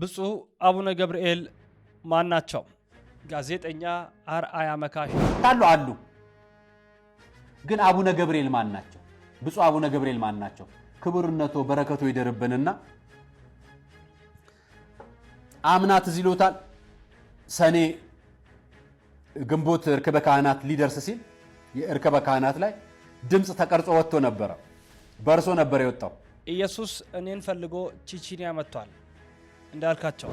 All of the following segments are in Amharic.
ብፁዕ አቡነ ገብርኤል ማን ናቸው? ጋዜጠኛ አርአያ መካሽ ታሉ አሉ። ግን አቡነ ገብርኤል ማን ናቸው? ብፁዕ አቡነ ገብርኤል ማን ናቸው? ክቡርነቶ በረከቶ ይደርብንና አምናት እዚህ ይሎታል ሰኔ ግንቦት እርክበ ካህናት ሊደርስ ሲል የእርክበ ካህናት ላይ ድምፅ ተቀርጾ ወጥቶ ነበረ። በእርሶ ነበር የወጣው። ኢየሱስ እኔን ፈልጎ ቺቺኒያ መጥቷል። እንዳልካቸው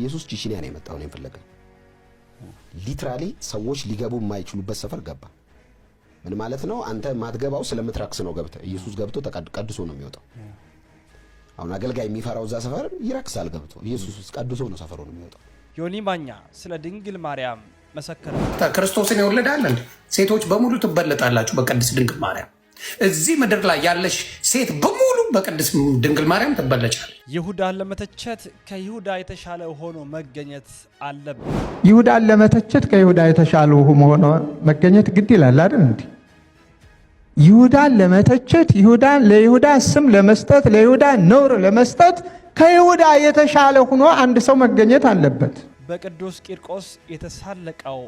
ኢየሱስ ቺቺኒያ ነው የመጣው ነው ፍለጋ። ሊትራሊ ሰዎች ሊገቡ የማይችሉበት ሰፈር ገባ። ምን ማለት ነው? አንተ ማትገባው ስለምትረክስ ነው ገብተ ኢየሱስ ገብቶ ቀድሶ ነው የሚወጣው። አሁን አገልጋይ የሚፈራው እዛ ሰፈር ይረክሳል ገብቶ። ኢየሱስ ቀድሶ ነው ሰፈሩ ነው የሚወጣው። ዮኒ ማኛ ስለ ድንግል ማርያም መሰከረ። ክርስቶስን የወለዳለን ሴቶች በሙሉ ትበለጣላችሁ በቅድስት ድንግል ማርያም እዚህ ምድር ላይ ያለሽ ሴት በሙሉ በቅድስ ድንግል ማርያም ትበለጫል። ይሁዳን ለመተቸት ከይሁዳ የተሻለ ሆኖ መገኘት አለብን። ይሁዳን ለመተቸት ከይሁዳ የተሻለ ሆኖ መገኘት ግድ ይላል አይደል? እንዲህ ይሁዳን ለመተቸት ይሁዳን ለይሁዳ ስም ለመስጠት ለይሁዳ ነውር ለመስጠት ከይሁዳ የተሻለ ሆኖ አንድ ሰው መገኘት አለበት። በቅዱስ ቂርቆስ የተሳለቀው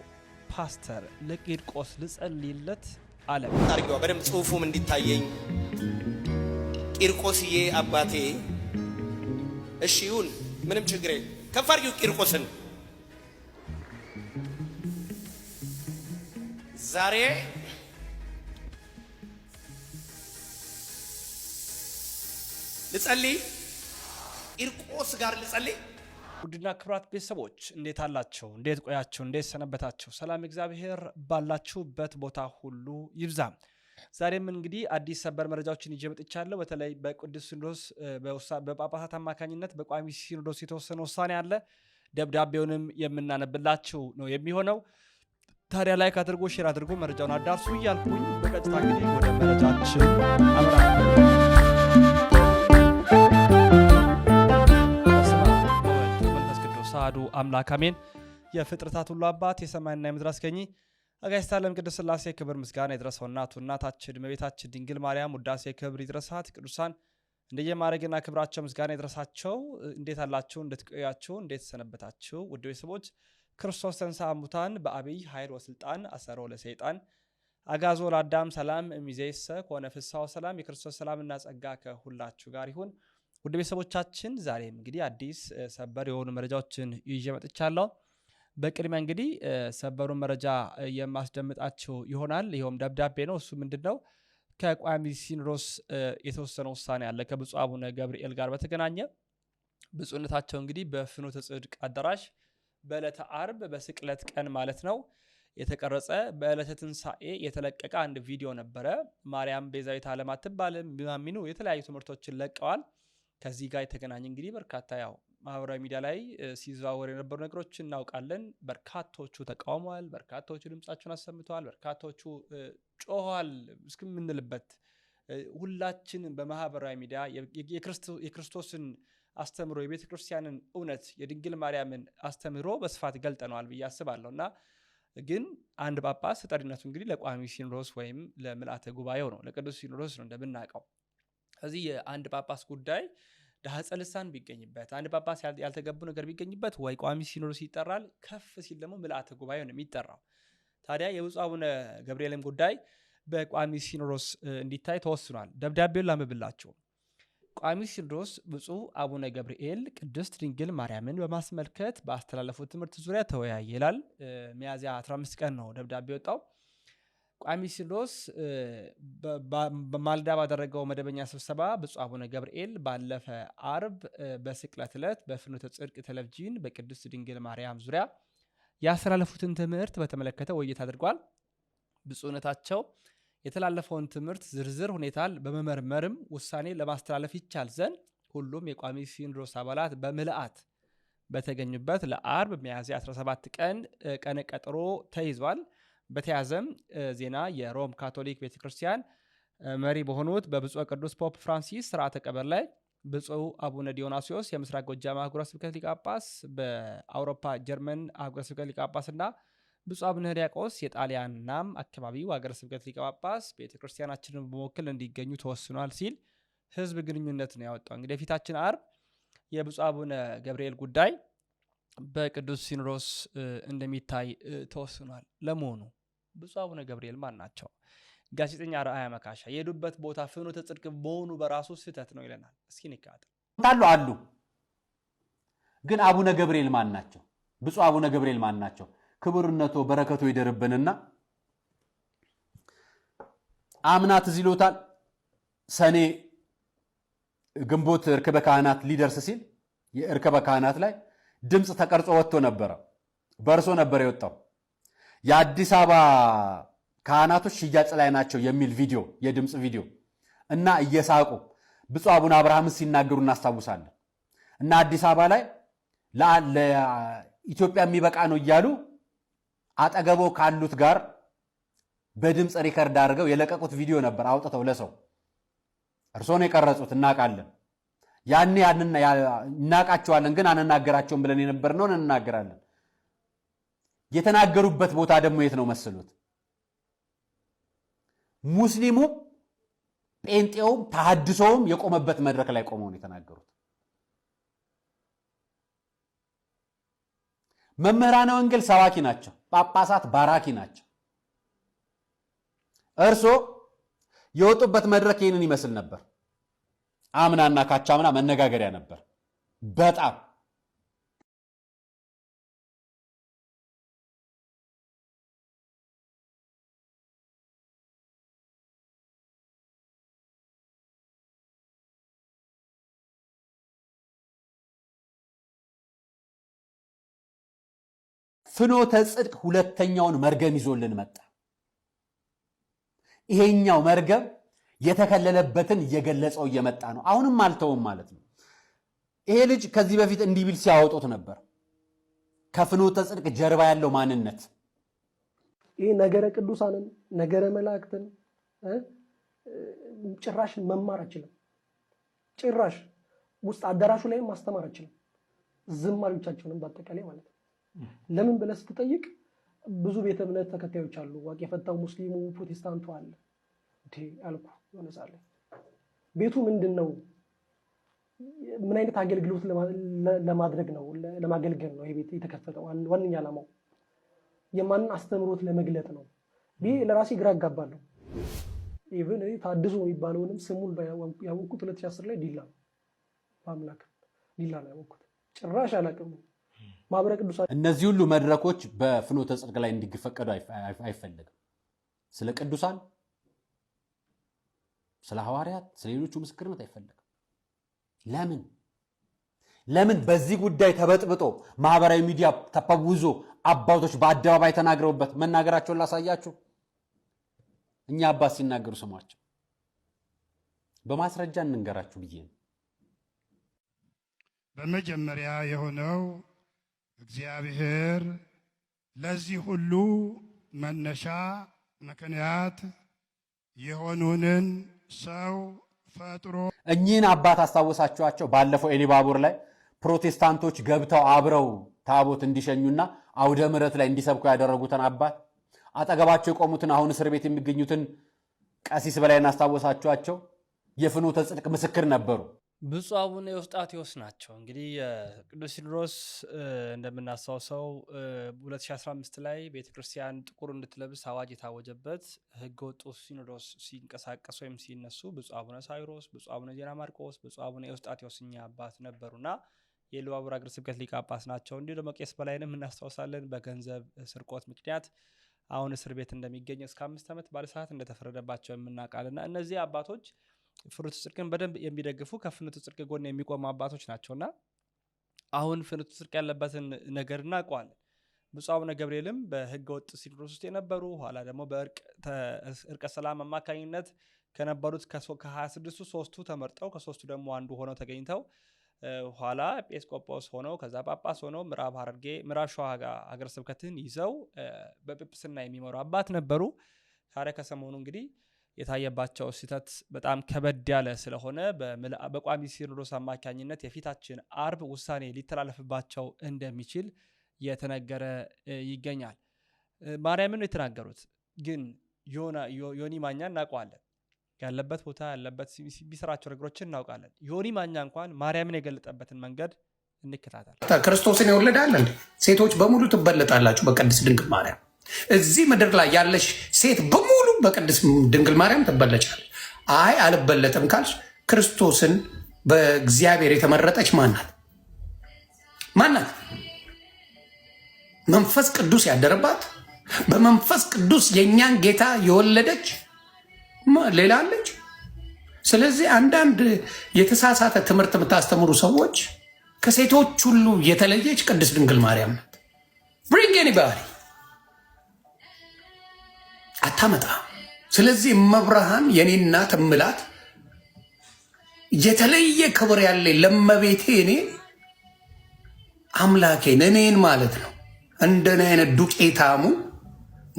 ፓስተር ለቂርቆስ ልጸልይለት አለ። አርጊዋ በደንብ ጽሁፉም እንዲታየኝ ቂርቆስዬ አባቴ እሺ ይሁን፣ ምንም ችግሬ ከፍ አርጊው ቂርቆስን ዛሬ ልጸልይ ቂርቆስ ጋር ልጸልይ ውድና ክብራት ቤተሰቦች እንዴት አላቸው? እንዴት ቆያቸው? እንዴት ሰነበታቸው? ሰላም እግዚአብሔር ባላችሁበት ቦታ ሁሉ ይብዛ። ዛሬም እንግዲህ አዲስ ሰበር መረጃዎችን ይዤ መጥቻለሁ። በተለይ በቅዱስ ሲኖዶስ በጳጳሳት አማካኝነት በቋሚ ሲኖዶስ የተወሰነ ውሳኔ አለ። ደብዳቤውንም የምናነብላችሁ ነው የሚሆነው። ታዲያ ላይክ አድርጎ ሼር አድርጎ መረጃውን አዳርሱ እያልኩኝ በቀጥታ እንግዲህ ወደ መረጃችን አምራ አሐዱ አምላክ አሜን። የፍጥረታት ሁሉ አባት የሰማይና የምድር አስገኚ አጋዕዝተ ዓለም ስላሴ ሥላሴ ክብር ምስጋና ይድረሰው። እናቱ እናታችን እመቤታችን ድንግል ማርያም ውዳሴ ክብር ይድረሳት። ቅዱሳን እንደየማድረግና ክብራቸው ምስጋና ይድረሳቸው። እንዴት አላችሁ? እንዴት ቆያችሁ? እንዴት ሰነበታችሁ? ውድ ቤተሰቦች ክርስቶስ ተንሥአ እሙታን በአብይ ኃይል ወስልጣን አሰሮ ለሰይጣን አጋዞ ለአዳም ሰላም እሚዜሰ ከሆነ ፍሳው ሰላም የክርስቶስ ሰላምና ጸጋ ከሁላችሁ ጋር ይሁን። ውድ ቤተሰቦቻችን ዛሬም እንግዲህ አዲስ ሰበር የሆኑ መረጃዎችን ይዤ መጥቻለሁ። በቅድሚያ እንግዲህ ሰበሩን መረጃ የማስደምጣቸው ይሆናል። ይኸውም ደብዳቤ ነው። እሱ ምንድን ነው? ከቋሚ ሲኖዶስ የተወሰነ ውሳኔ አለ ከብፁዕ አቡነ ገብርኤል ጋር በተገናኘ ብፁዕነታቸው እንግዲህ በፍኖተ ጽድቅ አዳራሽ በዕለተ አርብ በስቅለት ቀን ማለት ነው የተቀረጸ በዕለተ ትንሣኤ የተለቀቀ አንድ ቪዲዮ ነበረ። ማርያም ቤዛዊት ዓለም አትባልም የተለያዩ ትምህርቶችን ለቀዋል። ከዚህ ጋር የተገናኘ እንግዲህ በርካታ ያው ማህበራዊ ሚዲያ ላይ ሲዘዋወር የነበሩ ነገሮች እናውቃለን። በርካታዎቹ ተቃውመዋል፣ በርካታዎቹ ድምፃቸውን አሰምተዋል፣ በርካታዎቹ ጮኸዋል እስከምንልበት ሁላችን በማህበራዊ ሚዲያ የክርስቶስን አስተምሮ የቤተ ክርስቲያንን እውነት የድንግል ማርያምን አስተምሮ በስፋት ገልጠነዋል ብዬ አስባለሁ እና ግን አንድ ጳጳስ ተጠሪነቱ እንግዲህ ለቋሚ ሲኖዶስ ወይም ለምልአተ ጉባኤው ነው፣ ለቅዱስ ሲኖዶስ ነው እንደምናውቀው። ከዚህ የአንድ ጳጳስ ጉዳይ ዳህጸ ልሳን ቢገኝበት አንድ ጳጳስ ያልተገቡ ነገር ቢገኝበት ወይ ቋሚ ሲኖዶስ ይጠራል፣ ከፍ ሲል ደግሞ ምልአተ ጉባኤ ነው የሚጠራው። ታዲያ የብፁ አቡነ ገብርኤልም ጉዳይ በቋሚ ሲኖዶስ እንዲታይ ተወስኗል። ደብዳቤውን ላንብብላችሁ። ቋሚ ሲኖዶስ ብፁ አቡነ ገብርኤል ቅድስት ድንግል ማርያምን በማስመልከት በአስተላለፉት ትምህርት ዙሪያ ተወያየ ይላል። ሚያዝያ 15 ቀን ነው ደብዳቤ ወጣው። ቋሚ ሲኖዶስ በማልዳ ባደረገው መደበኛ ስብሰባ ብፁዕ አቡነ ገብርኤል ባለፈ አርብ በስቅለት ዕለት በፍኖተ ጽድቅ ቴሌቪዥን በቅድስት ድንግል ማርያም ዙሪያ ያስተላለፉትን ትምህርት በተመለከተ ውይይት አድርጓል። ብፁዕነታቸው የተላለፈውን ትምህርት ዝርዝር ሁኔታን በመመርመርም ውሳኔ ለማስተላለፍ ይቻል ዘንድ ሁሉም የቋሚ ሲኖዶስ አባላት በምልአት በተገኙበት ለአርብ ሚያዝያ 17 ቀን ቀነ ቀጠሮ ተይዟል። በተያዘም ዜና የሮም ካቶሊክ ቤተክርስቲያን መሪ በሆኑት በብፁዕ ቅዱስ ፖፕ ፍራንሲስ ስርዓተ ቀበር ላይ ብፁዕ አቡነ ዲዮናሲዮስ የምስራቅ ጎጃም አህጉረ ስብከት ሊቀ ጳጳስ፣ በአውሮፓ ጀርመን አህጉረ ስብከት ሊቀ ጳጳስ እና ብፁዕ አቡነ ሕርያቆስ ናም አካባቢው አገረ ስብከት ሊቀ ጳጳስ ቤተክርስቲያናችንን በመወክል እንዲገኙ ተወስኗል ሲል ህዝብ ግንኙነት ነው ያወጣው። እንግዲህ የፊታችን አርብ የብፁዕ አቡነ ገብርኤል ጉዳይ በቅዱስ ሲኖዶስ እንደሚታይ ተወስኗል። ለመሆኑ ብፁዕ አቡነ ገብርኤል ማን ናቸው? ጋዜጠኛ ረአያ መካሻ የሄዱበት ቦታ ፍኖተ ጽድቅ በሆኑ በራሱ ስህተት ነው ይለናል። እስኪ ታሉ አሉ። ግን አቡነ ገብርኤል ማን ናቸው? ብፁዕ አቡነ ገብርኤል ማን ናቸው? ክቡርነቶ በረከቶ ይደርብንና አምናት እዚህ ይሎታል ሰኔ ግንቦት እርክበ ካህናት ሊደርስ ሲል የእርክበ ካህናት ላይ ድምፅ ተቀርጾ ወጥቶ ነበረ። በእርሶ ነበር የወጣው የአዲስ አበባ ካህናቶች ሽያጭ ላይ ናቸው የሚል ቪዲዮ የድምፅ ቪዲዮ እና እየሳቁ ብፁ አቡነ አብርሃምን ሲናገሩ እናስታውሳለን። እና አዲስ አበባ ላይ ለኢትዮጵያ የሚበቃ ነው እያሉ አጠገቦ ካሉት ጋር በድምፅ ሪከርድ አድርገው የለቀቁት ቪዲዮ ነበር አውጥተው ለሰው እርስዎን የቀረጹት እናውቃለን። ያኔ እናውቃቸዋለን ግን አንናገራቸውም ብለን የነበርነውን እንናገራለን። የተናገሩበት ቦታ ደግሞ የት ነው መስሉት? ሙስሊሙም ጴንጤውም ተሐድሶውም የቆመበት መድረክ ላይ ቆመው ነው የተናገሩት። መምህራነ ወንጌል ሰባኪ ናቸው። ጳጳሳት ባራኪ ናቸው። እርሶ የወጡበት መድረክ ይህንን ይመስል ነበር። አምናና ካቻምና መነጋገሪያ ነበር በጣም ፍኖተ ጽድቅ ሁለተኛውን መርገም ይዞልን መጣ። ይሄኛው መርገም የተከለለበትን እየገለጸው እየመጣ ነው። አሁንም አልተውም ማለት ነው። ይሄ ልጅ ከዚህ በፊት እንዲህ ቢል ሲያወጡት ነበር። ከፍኖተ ጽድቅ ጀርባ ያለው ማንነት ይህ ነገረ ቅዱሳንን ነገረ መላእክትን ጭራሽ መማር አይችልም። ጭራሽ ውስጥ አዳራሹ ላይም ማስተማር አይችልም። ዝማሪዎቻቸውንም በአጠቃላይ ማለት ነው። ለምን ብለህ ስትጠይቅ ብዙ ቤተ እምነት ተከታዮች አሉ። ዋቅ የፈታው ሙስሊሙ፣ ፕሮቴስታንቱ አለ አልኩ። ሆነሳለ ቤቱ ምንድን ነው? ምን አይነት አገልግሎት ለማድረግ ነው? ለማገልገል ነው ቤት የተከፈተው? ዋነኛ ዓላማው የማንን አስተምሮት ለመግለጥ ነው? ይህ ለራሴ ግራ አጋባለሁ። ኢቨን ታድሶ የሚባለውንም ስሙን ያወቅኩት 2010 ላይ ዲላ ነው። በአምላክ ዲላ ነው ያወቅኩት። ጭራሽ አላውቅም። ማህበረ ቅዱሳን እነዚህ ሁሉ መድረኮች በፍኖተ ጽድቅ ላይ እንዲፈቀዱ አይፈለግም። ስለ ቅዱሳን፣ ስለ ሐዋርያት፣ ስለ ሌሎቹ ምስክርነት አይፈለግም። ለምን ለምን? በዚህ ጉዳይ ተበጥብጦ ማህበራዊ ሚዲያ ተፈውዞ አባቶች በአደባባይ ተናግረውበት መናገራቸውን ላሳያችሁ። እኛ አባት ሲናገሩ ስሟቸው በማስረጃ እንንገራችሁ ብዬ ነው። በመጀመሪያ የሆነው እግዚአብሔር ለዚህ ሁሉ መነሻ ምክንያት የሆኑንን ሰው ፈጥሮ እኚህን አባት አስታወሳችኋቸው? ባለፈው ኤሊባቡር ላይ ፕሮቴስታንቶች ገብተው አብረው ታቦት እንዲሸኙና አውደ ምረት ላይ እንዲሰብኩ ያደረጉትን አባት አጠገባቸው የቆሙትን አሁን እስር ቤት የሚገኙትን ቀሲስ በላይ እናስታወሳችኋቸው? የፍኖተ ጽድቅ ምስክር ነበሩ። ብፁዕ አቡነ የውስጣቴዎስ ናቸው። እንግዲህ ቅዱስ ሲኖዶስ እንደምናስታውሰው 2015 ላይ ቤተ ክርስቲያን ጥቁር እንድትለብስ አዋጅ የታወጀበት ሕገ ወጡ ሲኖዶስ ሲንቀሳቀስ ወይም ሲነሱ ብፁዕ አቡነ ሳይሮስ፣ ብፁዕ አቡነ ዜና ማርቆስ፣ ብፁዕ አቡነ የውስጣቴዎስ እኛ አባት ነበሩና የኢሉባቡር አገረ ስብከት ሊቀ ጳጳስ ናቸው። እንዲሁ ደግሞ ቄስ በላይንም እናስታውሳለን። በገንዘብ ስርቆት ምክንያት አሁን እስር ቤት እንደሚገኝ እስከ አምስት ዓመት ባለሰዓት እንደተፈረደባቸው የምናውቃልና እነዚህ አባቶች ፍኖተ ጽድቅን በደንብ የሚደግፉ ከፍኖተ ጽድቅ ጎን የሚቆሙ አባቶች ናቸውና አሁን ፍኖተ ጽድቅ ያለበትን ነገር እናውቀዋለን። ብፁዕ አቡነ ገብርኤልም በህገ ወጥ ሲኖዶስ ውስጥ የነበሩ ኋላ ደግሞ በእርቀ ሰላም አማካኝነት ከነበሩት ከሀያ ሶስቱ ተመርጠው ከሶስቱ ደግሞ አንዱ ሆነው ተገኝተው ኋላ ኤጲስቆጶስ ሆነው ከዛ ጳጳስ ሆነው ምዕራብ ሐረርጌ ምዕራብ ሸዋ ሀገረ ስብከትን ይዘው በጵጵስና የሚመሩ አባት ነበሩ። ታዲያ ከሰሞኑ እንግዲህ የታየባቸው ስህተት በጣም ከበድ ያለ ስለሆነ በቋሚ ሲኖዶስ አማካኝነት የፊታችን አርብ ውሳኔ ሊተላለፍባቸው እንደሚችል የተነገረ ይገኛል። ማርያምን የተናገሩት ግን ዮኒ ማኛ እናውቀዋለን። ያለበት ቦታ ያለበት የሚሰራቸው ነገሮችን እናውቃለን። ዮኒ ማኛ እንኳን ማርያምን የገለጠበትን መንገድ እንከታተል። ክርስቶስን የወለዳለን ሴቶች በሙሉ ትበለጣላችሁ በቅድስት ድንግል ማርያም እዚህ ምድር ላይ ያለሽ ሴት በሙሉ በቅድስ ድንግል ማርያም ትበለጫለች። አይ አልበለጥም ካልሽ ክርስቶስን በእግዚአብሔር የተመረጠች ማናት? ማናት? መንፈስ ቅዱስ ያደረባት በመንፈስ ቅዱስ የእኛን ጌታ የወለደች ሌላ አለች? ስለዚህ አንዳንድ የተሳሳተ ትምህርት የምታስተምሩ ሰዎች ከሴቶች ሁሉ የተለየች ቅድስት ድንግል ማርያም ናት። ብሪንግ ኤኒባዲ አታመጣ። ስለዚህ እመብርሃን የኔ እናት እምላት የተለየ ክብር ያለ ለመቤቴ እኔ አምላኬን እኔን ማለት ነው። እንደኔ አይነት ዱቄታሙ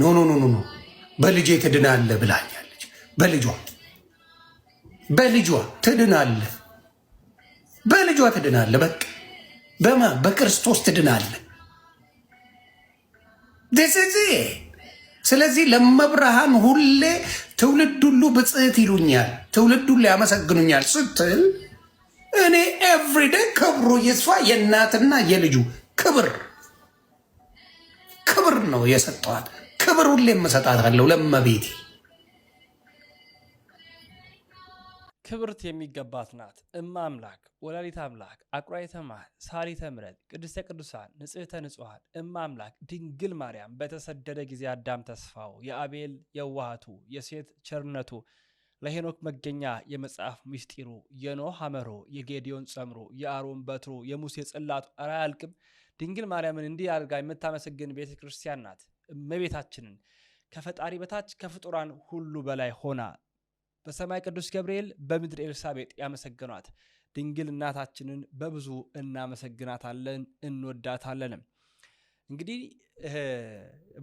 ኖ ኖ ኖ ኖ በልጄ ትድናለ ብላኛለች። በልጇ በልጇ ትድናለ በልጇ ትድናለ። በቃ በማ በክርስቶስ ትድናለ ደስዜ ስለዚህ ለመብርሃን ሁሌ ትውልድ ሁሉ ብጽሕት ይሉኛል፣ ትውልድ ሁሉ ያመሰግኑኛል ስትል እኔ ኤቭሪዴ ክብሩ ይስፋ የእናትና የልጁ ክብር ክብር ነው የሰጠዋት። ክብር ሁሌ መሰጣታለሁ ለመቤቴ ክብርት የሚገባት ናት። እማ አምላክ ወላዲት አምላክ አቁራይተ ማህል፣ ሳሪተ ምሕረት ቅድስተ ቅዱሳን ንጽሕተ ንጹሐን እማ አምላክ ድንግል ማርያም በተሰደደ ጊዜ አዳም ተስፋው የአቤል የዋሃቱ የሴት ቸርነቱ ለሄኖክ መገኛ የመጽሐፍ ምስጢሩ የኖህ አመሮ የጌዲዮን ጸምሮ የአሮን በትሮ የሙሴ ጽላቱ ኧረ አያልቅም። ድንግል ማርያምን እንዲህ አድርጋ የምታመሰግን ቤተ ክርስቲያን ናት። እመቤታችንን ከፈጣሪ በታች ከፍጡራን ሁሉ በላይ ሆና በሰማይ ቅዱስ ገብርኤል በምድር ኤልሳቤጥ ያመሰግኗት። ድንግል እናታችንን በብዙ እናመሰግናታለን እንወዳታለንም። እንግዲህ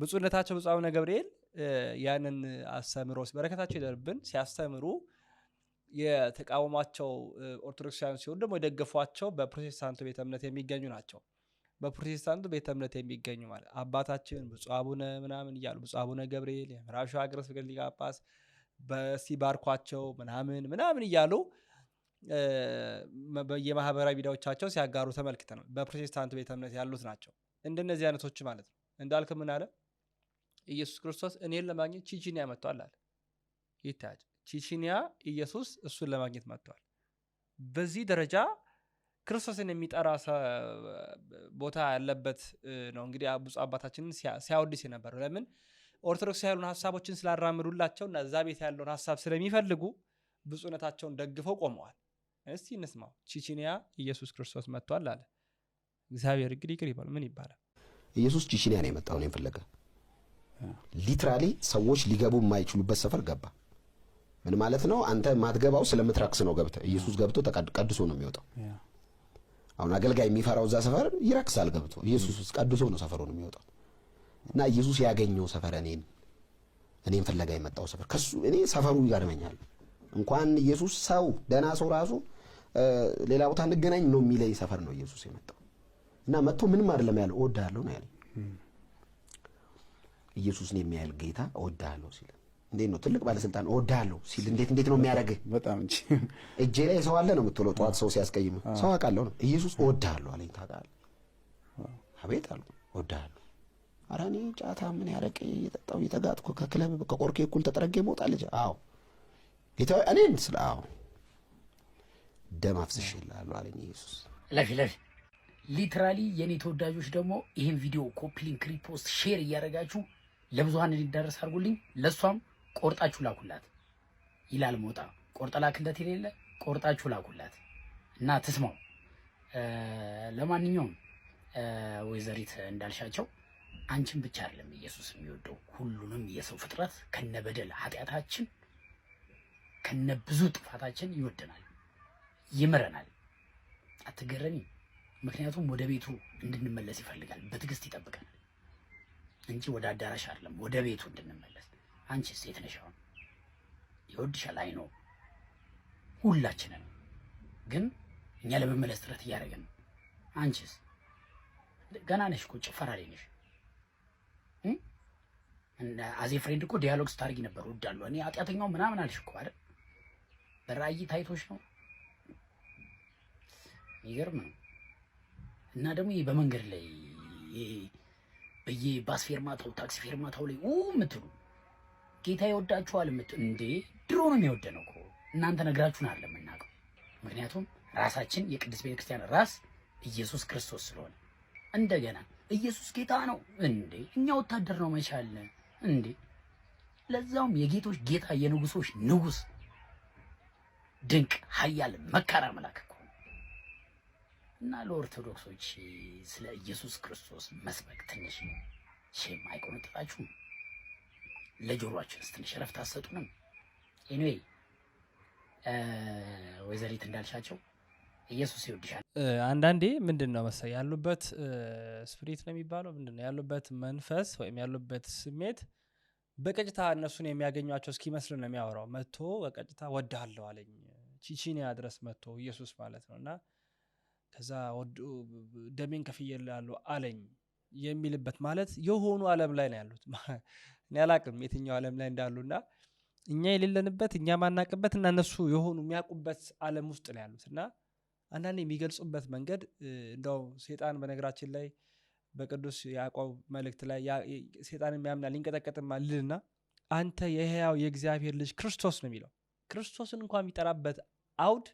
ብፁዕነታቸው ብፁዕ አቡነ ገብርኤል ያንን አስተምሮ በረከታቸው ይደርብን ሲያስተምሩ የተቃወሟቸው ኦርቶዶክሳውያን ሲሆኑ ደግሞ የደገፏቸው በፕሮቴስታንቱ ቤተ እምነት የሚገኙ ናቸው። በፕሮቴስታንቱ ቤተ እምነት የሚገኙ ማለት አባታችን ብፁዕ አቡነ ምናምን እያሉ ብፁዕ አቡነ ገብርኤል የምዕራብ ሸዋ ሀገረ ስብከት ሊቀ ጳጳስ በሲባርኳቸው ምናምን ምናምን እያሉ የማህበራዊ ሚዲያዎቻቸው ሲያጋሩ ተመልክተናል። በፕሮቴስታንት ቤተ እምነት ያሉት ናቸው እንደነዚህ አይነቶች ማለት ነው። እንዳልክ ምን አለ ኢየሱስ ክርስቶስ እኔን ለማግኘት ቺቺኒያ መጥቷል አለ። ይታያል። ቺቺኒያ ኢየሱስ እሱን ለማግኘት መጥቷል። በዚህ ደረጃ ክርስቶስን የሚጠራ ቦታ ያለበት ነው። እንግዲህ ብፁዕ አባታችንን ሲያወድስ የነበረው ለምን ኦርቶዶክስ ያሉን ሀሳቦችን ስላራምዱላቸው እና እዛ ቤት ያለውን ሀሳብ ስለሚፈልጉ ብፁዕነታቸውን ደግፈው ቆመዋል። እስቲ እንስማው። ቺቺኒያ ኢየሱስ ክርስቶስ መጥቷል አለ። እግዚአብሔር እንግዲህ ይቅር ይበሉ። ምን ይባላል? ኢየሱስ ቺቺኒያ ነው የመጣው። ነው ፈለገ ሊትራሊ ሰዎች ሊገቡ የማይችሉበት ሰፈር ገባ። ምን ማለት ነው? አንተ ማትገባው ስለምትረክስ ነው። ገብተ ኢየሱስ ገብቶ ቀድሶ ነው የሚወጣው። አሁን አገልጋይ የሚፈራው እዛ ሰፈር ይረክሳል። ገብቶ ኢየሱስ ቀድሶ ነው ሰፈሩን የሚወጣው። እና ኢየሱስ ያገኘው ሰፈር እኔን እኔን ፍለጋ የመጣው ሰፈር ከሱ እኔ ሰፈሩ ይገርመኛል። እንኳን ኢየሱስ ሰው ደህና ሰው ራሱ ሌላ ቦታ እንገናኝ ነው የሚለኝ ሰፈር ነው ኢየሱስ የመጣው እና መጥቶ ምንም አይደለም ያለው እወድሃለሁ ነው ያለኝ። ኢየሱስን የሚያህል ጌታ እወድሃለሁ ሲል እንዴት ነው ትልቅ ባለስልጣን እወድሃለሁ ሲል እንዴት እንዴት ነው የሚያደርግህ? በጣም እንጂ እጄ ላይ ሰው አለ ነው የምትለው። ጠዋት ሰው ሲያስቀይም ሰው አውቃለሁ ነው ኢየሱስ እወድሃለሁ አለኝ። ታውቃለህ አቤት አሉ እወድሃለሁ ኧረ እኔ ጫታ ምን ያረቀ እየጠጣው እየተጋጥኩ ከክለብ ከቆርኬ እኩል ተጠረጌ መውጣ ልጅ አዎ ጌታ እኔም ስለ አዎ ደም አፍስሽ ይላሉ አለኝ ኢየሱስ። ለፊ ለፊ ሊትራሊ የእኔ ተወዳጆች ደግሞ ይህን ቪዲዮ ኮፕሊንክ ሪፖስት ሼር እያደረጋችሁ ለብዙሀን እንዲዳረስ አድርጉልኝ። ለእሷም ቆርጣችሁ ላኩላት ይላል ሞጣ። ቆርጠ ላክለት የሌለ ቆርጣችሁ ላኩላት እና ትስማው። ለማንኛውም ወይዘሪት እንዳልሻቸው አንቺን ብቻ አይደለም ኢየሱስ የሚወደው ሁሉንም የሰው ፍጥረት ከነበደል ኃጢአታችን ከነብዙ ጥፋታችን ይወደናል፣ ይምረናል። አትገረኝ። ምክንያቱም ወደ ቤቱ እንድንመለስ ይፈልጋል፣ በትዕግስት ይጠብቃል እንጂ ወደ አዳራሽ አይደለም፣ ወደ ቤቱ እንድንመለስ። አንቺ ሴት ነሽ፣ አሁን ይወድሻል። አይ ነው ሁላችንም፣ ግን እኛ ለመመለስ ጥረት እያደረግን አንቺስ ገና ነሽ እኮ ጭፈራ ላይ ነሽ። አዜ ፍሬንድ እኮ ዲያሎግ ስታርጊ ነበር ወዳሉ እኔ አጢአተኛው ምናምን አልሽ እኮ አይደል? በራእይ ታይቶች ነው። ይገርም ነው። እና ደግሞ ይሄ በመንገድ ላይ በዬ ባስ ፌርማታው፣ ታክሲ ፌርማታው ላይ የምትሉ ጌታ ይወዳችኋል ምት እንዴ፣ ድሮ ነው እኮ እናንተ ነግራችሁን አለ የምናውቀው። ምክንያቱም ራሳችን የቅድስት ቤተክርስቲያን ራስ ኢየሱስ ክርስቶስ ስለሆነ እንደገና ኢየሱስ ጌታ ነው እንዴ እኛ ወታደር ነው መቻለን እንዴ! ለዛውም የጌቶች ጌታ የንጉሶች ንጉስ ድንቅ ኃያል መካራ መልአክ እኮ እና ለኦርቶዶክሶች ስለ ኢየሱስ ክርስቶስ መስበክ ትንሽ ሼም አይቆነጥጣችሁም? ለጆሮአችንስ ትንሽ እረፍት አሰጡንም? ኤኒዌይ ወይዘሪት እንዳልሻቸው ኢየሱስ ይወድሻል። አንዳንዴ ምንድን ነው መሰለኝ ያሉበት ስፕሪት ነው የሚባለው ምንድን ነው ያሉበት መንፈስ ወይም ያሉበት ስሜት በቀጭታ እነሱን የሚያገኟቸው እስኪመስል ነው የሚያወራው። መጥቶ በቀጭታ ወዳለው አለኝ። ቺቺኒያ ድረስ መጥቶ ኢየሱስ ማለት ነው እና ከዛ ደሜን ከፍየላሉ አለኝ የሚልበት ማለት የሆኑ አለም ላይ ነው ያሉት። እኔ አላቅም የትኛው አለም ላይ እና እኛ የሌለንበት እኛ ማናቅበት እና እነሱ የሆኑ የሚያውቁበት አለም ውስጥ ነው ያሉት እና አንዳንድ የሚገልጹበት መንገድ እንደው ሴጣን በነገራችን ላይ በቅዱስ ያዕቆብ መልእክት ላይ ሴጣንም ያምናል ይንቀጠቀጥማል ልልና አንተ የህያው የእግዚአብሔር ልጅ ክርስቶስ ነው የሚለው ክርስቶስን እንኳ የሚጠራበት አውድ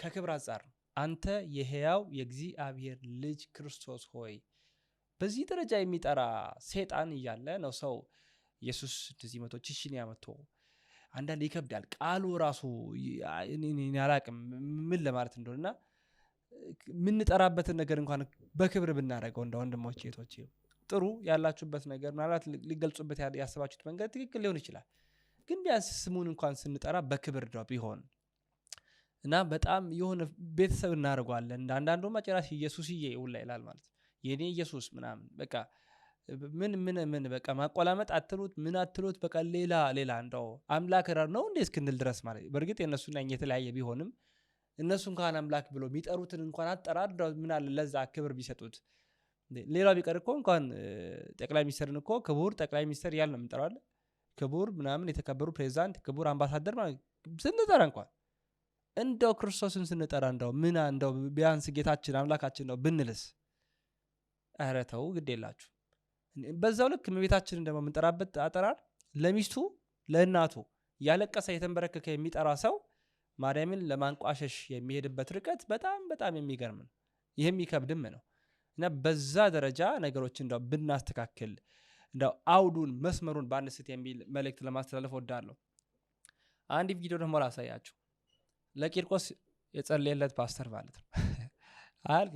ከክብር አንጻር ነው። አንተ የህያው የእግዚአብሔር ልጅ ክርስቶስ ሆይ በዚህ ደረጃ የሚጠራ ሴጣን እያለ ነው ሰው ኢየሱስ እንደዚህ መቶ ችሽን ያመቶ አንዳንድ ይከብዳል ቃሉ ራሱ ያላቅም ምን ለማለት እንደሆነና የምንጠራበትን ነገር እንኳን በክብር ብናደረገው እንደ ወንድሞች ቶች ጥሩ ያላችሁበት ነገር ምናልባት ሊገልጹበት ያሰባችሁት መንገድ ትክክል ሊሆን ይችላል፣ ግን ቢያንስ ስሙን እንኳን ስንጠራ በክብር ነው ቢሆን እና በጣም የሆነ ቤተሰብ እናደርጓለን እንደ አንዳንዱ ጭራሽ ኢየሱስዬ ውላ ይላል ማለት የእኔ ኢየሱስ ምናምን በቃ ምን ምን ምን በቃ ማቆላመጥ አትሉት ምን አትሉት በቃ ሌላ ሌላ እንደው አምላክ ነው እንዴ እስክንል ድረስ ማለት በእርግጥ የእነሱና የተለያየ ቢሆንም እነሱ እንኳን አምላክ ብሎ የሚጠሩትን እንኳን አጠራር ምናለ ለዛ ክብር ቢሰጡት። ሌላ ቢቀር እኮ እንኳን ጠቅላይ ሚኒስትርን እኮ ክቡር ጠቅላይ ሚኒስትር እያልን ነው የምንጠራው ክቡር ምናምን፣ የተከበሩ ፕሬዚዳንት፣ ክቡር አምባሳደር ስንጠራ እንኳን እንደው ክርስቶስን ስንጠራ እንደው ምና እንደው ቢያንስ ጌታችን አምላካችን ነው ብንልስ? ረተው ግድ የላችሁ። በዛው ልክ ምቤታችንን ደግሞ የምንጠራበት አጠራር ለሚስቱ ለእናቱ ያለቀሰ የተንበረከከ የሚጠራ ሰው ማርያምን ለማንቋሸሽ የሚሄድበት ርቀት በጣም በጣም የሚገርም ነው። ይህም ይከብድም ነው እና በዛ ደረጃ ነገሮች እንደው ብናስተካክል እንደው አውዱን መስመሩን በአንስት የሚል መልእክት ለማስተላለፍ ወዳለሁ። አንድ ቪዲዮ ደግሞ ላሳያችሁ። ለቂርቆስ የጸለየለት ፓስተር ማለት ነው። አልግ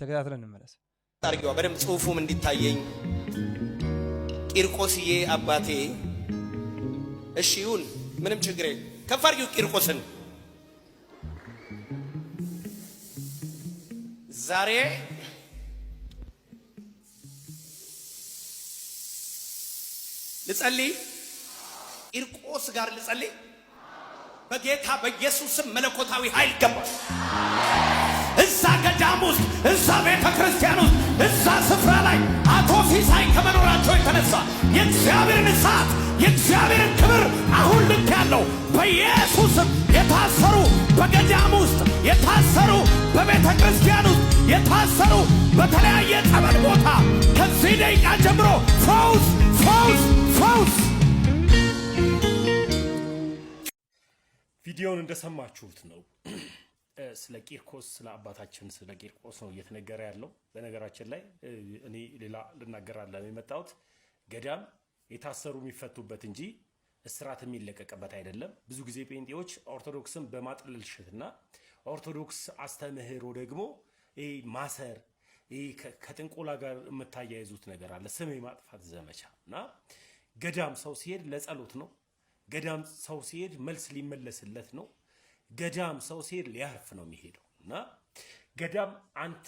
ተከታትለን እንመለስ። በደንብ ጽሁፉም እንዲታየኝ ቂርቆስዬ አባቴ እሺ ይሁን ምንም ችግር ከፍ አድርጊው ቂርቆስን። ዛሬ ልጸልይ ቂርቆስ ጋር ልጸልይ። በጌታ በኢየሱስም መለኮታዊ ኃይል ገባ። እዛ ገዳም ውስጥ እዛ ቤተ ክርስቲያን ውስጥ እዛ ስፍራ ላይ አቶ ሲሳይ ከመኖራቸው የተነሳ የእግዚአብሔርን እሳት የእግዚአብሔርን ክብር አሁን ልክ ያለው በኢየሱስም የታሰሩ በገዳም ውስጥ የታሰሩ በቤተ ክርስቲያን ውስጥ የታሰሩ በተለያየ ጸበል ቦታ ከዚህ ደቂቃ ጀምሮ ፈውስ ፈውስ ፈውስ። ቪዲዮውን እንደሰማችሁት ነው። ስለ ቂርቆስ ስለ አባታችን ስለ ቂርቆስ ነው እየተነገረ ያለው። በነገራችን ላይ እኔ ሌላ ልናገር አለ የመጣሁት ገዳም የታሰሩ የሚፈቱበት እንጂ እስራት የሚለቀቅበት አይደለም። ብዙ ጊዜ ጴንጤዎች ኦርቶዶክስን ሽትና ኦርቶዶክስ አስተምህሮ ደግሞ ማሰር ከጥንቆላ ጋር የምታያይዙት ነገር አለ። ስም የማጥፋት ዘመቻ እና ገዳም ሰው ሲሄድ ለጸሎት ነው። ገዳም ሰው ሲሄድ መልስ ሊመለስለት ነው። ገዳም ሰው ሲሄድ ሊያርፍ ነው የሚሄደው እና ገዳም አንተ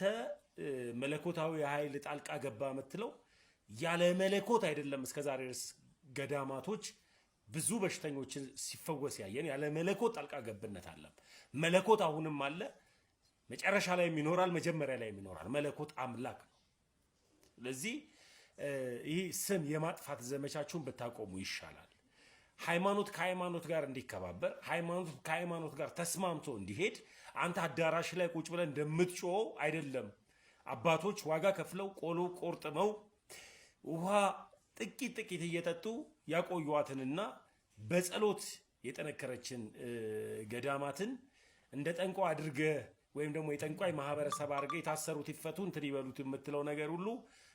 መለኮታዊ ኃይል ጣልቃ ገባ የምትለው ያለ መለኮት አይደለም እስከ ዛሬ ድረስ ገዳማቶች ብዙ በሽተኞችን ሲፈወስ ያየን። ያለ መለኮት ጣልቃ ገብነት አለም። መለኮት አሁንም አለ፣ መጨረሻ ላይም ይኖራል፣ መጀመሪያ ላይም ይኖራል። መለኮት አምላክ ነው። ስለዚህ ይህ ስም የማጥፋት ዘመቻችሁን ብታቆሙ ይሻላል። ሃይማኖት ከሃይማኖት ጋር እንዲከባበር፣ ሃይማኖት ከሃይማኖት ጋር ተስማምቶ እንዲሄድ አንተ አዳራሽ ላይ ቁጭ ብለን እንደምትጮ አይደለም። አባቶች ዋጋ ከፍለው ቆሎ ቆርጥመው ውሃ ጥቂት ጥቂት እየጠጡ ያቆዩዋትንና በጸሎት የጠነከረችን ገዳማትን እንደ ጠንቋ አድርገ ወይም ደግሞ የጠንቋይ ማህበረሰብ አድርገ የታሰሩት ይፈቱ እንትን ይበሉት የምትለው ነገር ሁሉ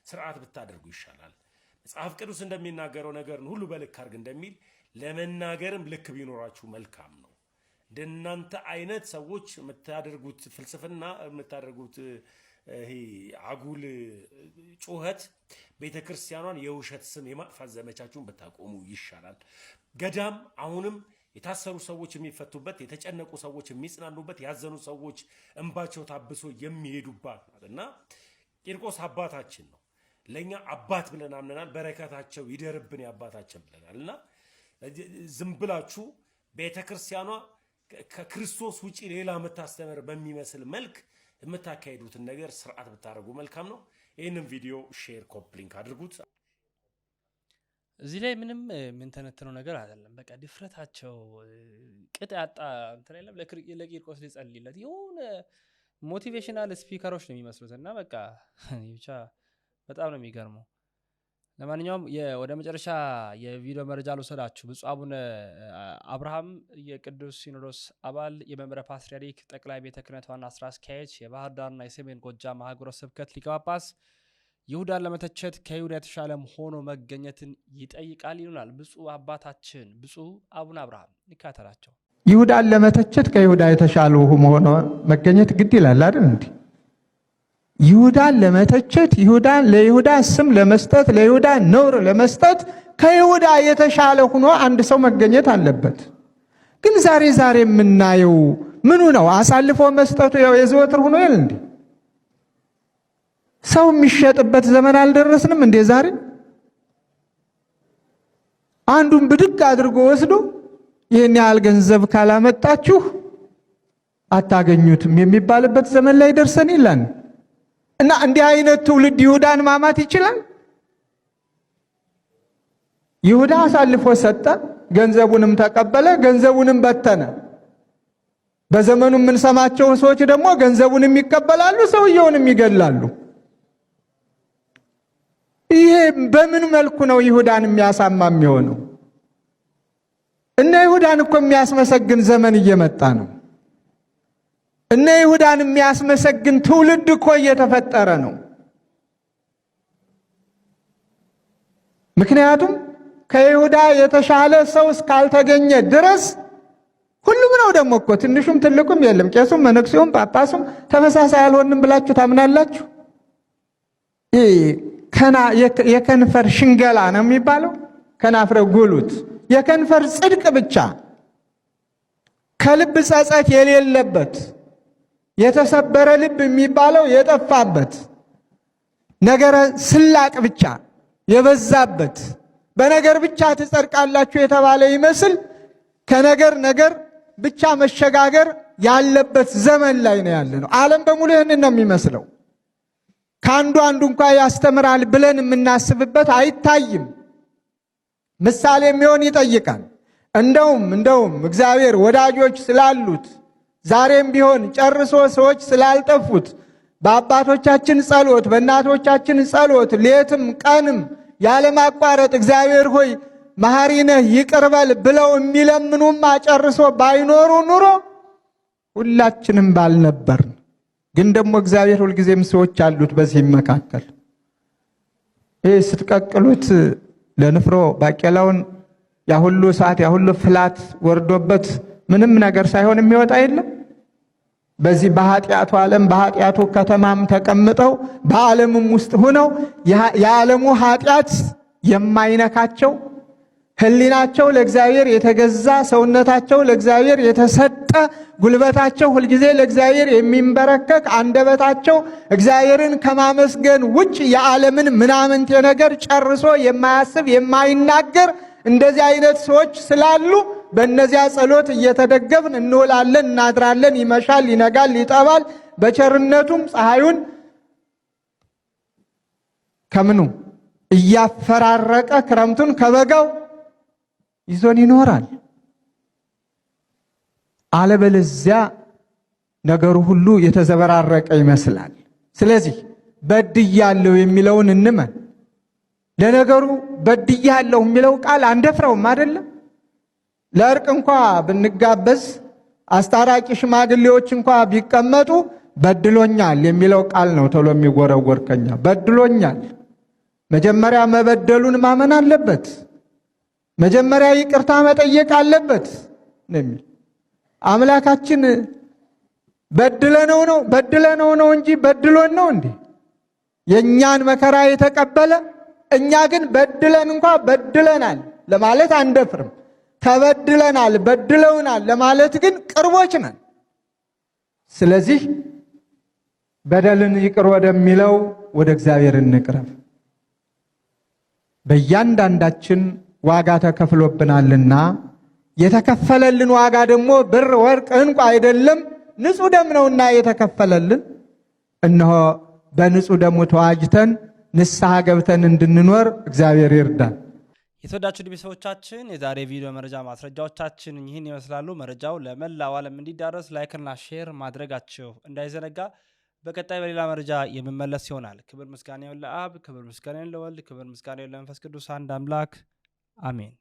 ስርዓት ብታደርጉ ይሻላል። መጽሐፍ ቅዱስ እንደሚናገረው ነገርን ሁሉ በልክ አድርግ እንደሚል ለመናገርም ልክ ቢኖራችሁ መልካም ነው። እንደናንተ አይነት ሰዎች የምታደርጉት ፍልስፍና የምታደርጉት ይሄ አጉል ጩኸት ቤተ ክርስቲያኗን የውሸት ስም የማጥፋት ዘመቻችሁን ብታቆሙ ይሻላል። ገዳም አሁንም የታሰሩ ሰዎች የሚፈቱበት፣ የተጨነቁ ሰዎች የሚጽናኑበት፣ ያዘኑ ሰዎች እንባቸው ታብሶ የሚሄዱባት ናት እና ቂርቆስ አባታችን ነው። ለእኛ አባት ብለን አምነናል። በረከታቸው ይደርብን የአባታችን ብለናል እና ዝም ብላችሁ ቤተ ክርስቲያኗ ከክርስቶስ ውጪ ሌላ የምታስተምር በሚመስል መልክ የምታካሄዱትን ነገር ስርዓት ብታደርጉ መልካም ነው። ይህንም ቪዲዮ ሼር፣ ኮፕሊንክ አድርጉት። እዚህ ላይ ምንም የምንተነትነው ነገር አይደለም። በቃ ድፍረታቸው ቅጥ ያጣ እንትን የለም። ለቂርቆስ ሊጸልይለት የሆነ ሞቲቬሽናል ስፒከሮች ነው የሚመስሉት እና በቃ ብቻ በጣም ነው የሚገርመው። ለማንኛውም ወደ መጨረሻ የቪዲዮ መረጃ ልውሰዳችሁ። ብፁዕ አቡነ አብርሃም የቅዱስ ሲኖዶስ አባል፣ የመንበረ ፓትርያርክ ጠቅላይ ቤተ ክህነት ዋና ስራ አስኪያጅ፣ የባህር ዳርና የሰሜን ጎጃም ሀገረ ስብከት ሊቀ ጳጳስ ይሁዳን ለመተቸት ከይሁዳ የተሻለ ሆኖ መገኘትን ይጠይቃል ይሉናል ብፁዕ አባታችን ብፁዕ አቡነ አብርሃም ይካተላቸው። ይሁዳን ለመተቸት ከይሁዳ የተሻለ ሆኖ መገኘት ግድ ይላል አይደል? ይሁዳን ለመተቸት ይሁዳን ለይሁዳ ስም ለመስጠት ለይሁዳ ነውር ለመስጠት ከይሁዳ የተሻለ ሆኖ አንድ ሰው መገኘት አለበት። ግን ዛሬ ዛሬ የምናየው ምኑ ነው? አሳልፎ መስጠቱ ያው የዘወትር ሆኖ ያል እንዴ ሰው የሚሸጥበት ዘመን አልደረስንም እንዴ? ዛሬ አንዱን ብድግ አድርጎ ወስዶ ይህን ያህል ገንዘብ ካላመጣችሁ አታገኙትም የሚባልበት ዘመን ላይ ደርሰን ይላል። እና እንዲህ አይነት ትውልድ ይሁዳን ማማት ይችላል? ይሁዳ አሳልፎ ሰጠ፣ ገንዘቡንም ተቀበለ፣ ገንዘቡንም በተነ። በዘመኑ የምንሰማቸው ሰዎች ደግሞ ገንዘቡንም ይቀበላሉ፣ ሰውየውንም ይገላሉ። ይሄ በምን መልኩ ነው ይሁዳን የሚያሳማ የሚሆነው? እና ይሁዳን እኮ የሚያስመሰግን ዘመን እየመጣ ነው። እነ ይሁዳን የሚያስመሰግን ትውልድ እኮ እየተፈጠረ ነው። ምክንያቱም ከይሁዳ የተሻለ ሰው እስካልተገኘ ድረስ ሁሉም ነው ደግሞ እኮ ትንሹም ትልቁም የለም። ቄሱም፣ መነኩሴውም፣ ጳጳሱም ተመሳሳይ አልሆንም ብላችሁ ታምናላችሁ? የከንፈር ሽንገላ ነው የሚባለው። ከናፍረ ጉሉት የከንፈር ጽድቅ ብቻ ከልብ ጸጸት የሌለበት የተሰበረ ልብ የሚባለው የጠፋበት ነገረ ስላቅ ብቻ የበዛበት በነገር ብቻ ትጸድቃላችሁ የተባለ ይመስል ከነገር ነገር ብቻ መሸጋገር ያለበት ዘመን ላይ ነው ያለ ነው። ዓለም በሙሉ ይህንን ነው የሚመስለው። ከአንዱ አንዱ እንኳ ያስተምራል ብለን የምናስብበት አይታይም። ምሳሌ የሚሆን ይጠይቃል። እንደውም እንደውም እግዚአብሔር ወዳጆች ስላሉት ዛሬም ቢሆን ጨርሶ ሰዎች ስላልጠፉት በአባቶቻችን ጸሎት፣ በእናቶቻችን ጸሎት ሌትም ቀንም ያለማቋረጥ እግዚአብሔር ሆይ መሐሪ ነህ ብለው የሚለምኑማ ጨርሶ ባይኖሩ ኑሮ ሁላችንም ባልነበርን። ግን ደግሞ እግዚአብሔር ሁልጊዜም ሰዎች አሉት። በዚህም መካከል ይህ ስትቀቅሉት ለንፍሮ ባቄላውን ያሁሉ ሰዓት ያሁሉ ፍላት ወርዶበት ምንም ነገር ሳይሆን የሚወጣ የለም። በዚህ በኃጢአቱ ዓለም በኃጢአቱ ከተማም ተቀምጠው በዓለምም ውስጥ ሆነው የዓለሙ ኃጢአት የማይነካቸው ህሊናቸው ለእግዚአብሔር የተገዛ ሰውነታቸው ለእግዚአብሔር የተሰጠ ጉልበታቸው ሁልጊዜ ለእግዚአብሔር የሚንበረከክ አንደበታቸው እግዚአብሔርን ከማመስገን ውጭ የዓለምን ምናምንቴ ነገር ጨርሶ የማያስብ የማይናገር እንደዚህ አይነት ሰዎች ስላሉ በእነዚያ ጸሎት እየተደገፍን እንውላለን፣ እናድራለን። ይመሻል፣ ይነጋል፣ ይጠባል። በቸርነቱም ፀሐዩን ከምኑ እያፈራረቀ ክረምቱን ከበጋው ይዞን ይኖራል። አለበለዚያ ነገሩ ሁሉ የተዘበራረቀ ይመስላል። ስለዚህ በድያለሁ የሚለውን እንመን። ለነገሩ በድያለሁ የሚለው ቃል አንደፍረውም አይደለም ለእርቅ እንኳ ብንጋበዝ አስታራቂ ሽማግሌዎች እንኳ ቢቀመጡ በድሎኛል የሚለው ቃል ነው ቶሎ የሚጎረጎር ከኛ። በድሎኛል መጀመሪያ መበደሉን ማመን አለበት። መጀመሪያ ይቅርታ መጠየቅ አለበት ነው የሚል አምላካችን። በድለነው ነው በድለነው ነው እንጂ በድሎን ነው እንዴ? የእኛን መከራ የተቀበለ እኛ ግን በድለን እንኳ በድለናል ለማለት አንደፍርም። ተበድለናል፣ በድለውናል ለማለት ግን ቅርቦች ነን። ስለዚህ በደልን ይቅር ወደሚለው ወደ እግዚአብሔር እንቅረብ። በእያንዳንዳችን ዋጋ ተከፍሎብናልና የተከፈለልን ዋጋ ደግሞ ብር፣ ወርቅ፣ ዕንቁ አይደለም ንጹሕ ደም ነውና የተከፈለልን እነሆ በንጹሕ ደሙ ተዋጅተን ንስሐ ገብተን እንድንኖር እግዚአብሔር ይርዳል። የተወዳችሁ ቤተሰቦቻችን የዛሬ ቪዲዮ መረጃ ማስረጃዎቻችን ይህን ይመስላሉ። መረጃው ለመላው ዓለም እንዲዳረስ ላይክና ሼር ማድረጋችሁ እንዳይዘነጋ። በቀጣይ በሌላ መረጃ የምመለስ ይሆናል። ክብር ምስጋና ለአብ፣ ክብር ምስጋና ለወልድ፣ ክብር ምስጋና ለመንፈስ ቅዱስ አንድ አምላክ አሜን።